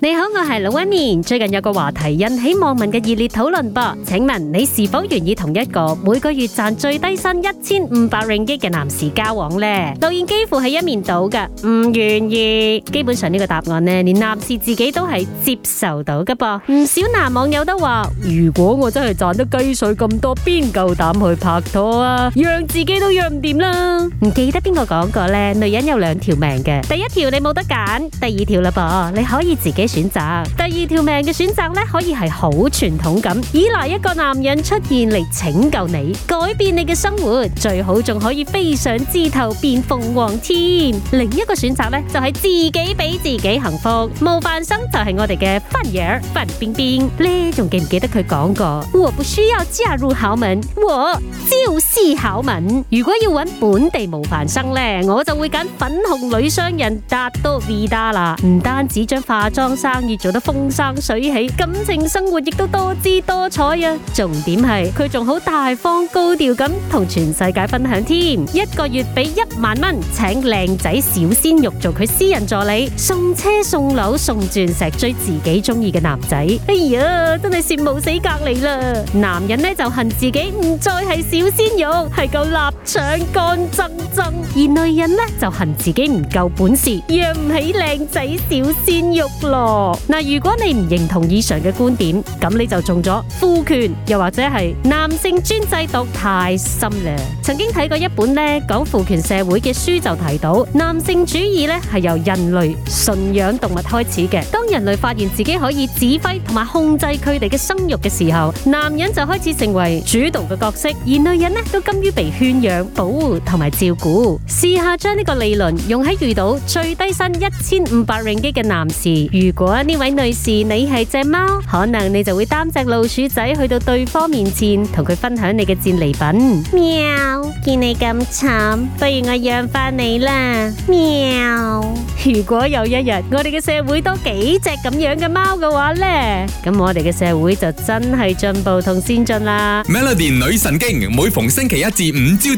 你好，我係老威面。最近有個話題引起網民嘅熱烈討論噃，請問你是否願意同一個每個月賺最低薪一千五百令吉嘅男士交往呢？留言幾乎係一面倒噶，唔願意。基本上呢個答案呢，連男士自己都係接受到噶噃。唔少男網友都話：如果我真係賺得雞碎咁多，邊夠膽去拍拖啊？養自己都養唔掂啦。唔記得邊個講過呢？女人有兩條命嘅，第一條你冇得揀，第二條啦噃，你可以自己。選擇第二條命嘅選擇咧，可以係好傳統咁，依賴一個男人出現嚟拯救你，改變你嘅生活，最好仲可以飛上枝頭變鳳凰添。另一個選擇咧，就係、是、自己俾自己幸福。模範生就係我哋嘅婚影范冰冰呢，仲記唔記得佢講過？我不需要嫁入豪門，我就是豪門。如果要揾本地模範生咧，我就會揀粉紅女商人達多維達啦。唔單止將化妝。生意做得風生水起，感情生活亦都多姿多彩啊！重點係佢仲好大方高調咁同全世界分享添，一個月俾一萬蚊請靚仔小鮮肉做佢私人助理，送車送樓送鑽石追自己中意嘅男仔。哎呀，真係羨慕死隔離啦！男人呢，就恨自己唔再係小鮮肉，係嚿臘，想干針針，而女人咧，就恨自己唔夠本事，養唔起靚仔小鮮肉咯。嗱，如果你唔認同以上嘅觀點，咁你就中咗父權，又或者係男性專制度太深咧。曾經睇過一本咧，講父權社會嘅書，就提到男性主義咧係由人類馴養動物開始嘅。當人類發現自己可以指揮同埋控制佢哋嘅生育嘅時候，男人就開始成為主導嘅角色，而女人呢都甘於被圈養。保護同埋照顧，試下將呢個理論用喺遇到最低薪一千五百 ringgit 嘅男士。如果呢位女士你係隻貓，可能你就會擔隻老鼠仔去到對方面前，同佢分享你嘅戰利品。喵，見你咁慘，不如我養翻你啦。喵，如果有一日我哋嘅社會多幾隻咁樣嘅貓嘅話咧，咁我哋嘅社會就真係進步同先進啦。Melody 女神經，每逢星期一至五朝。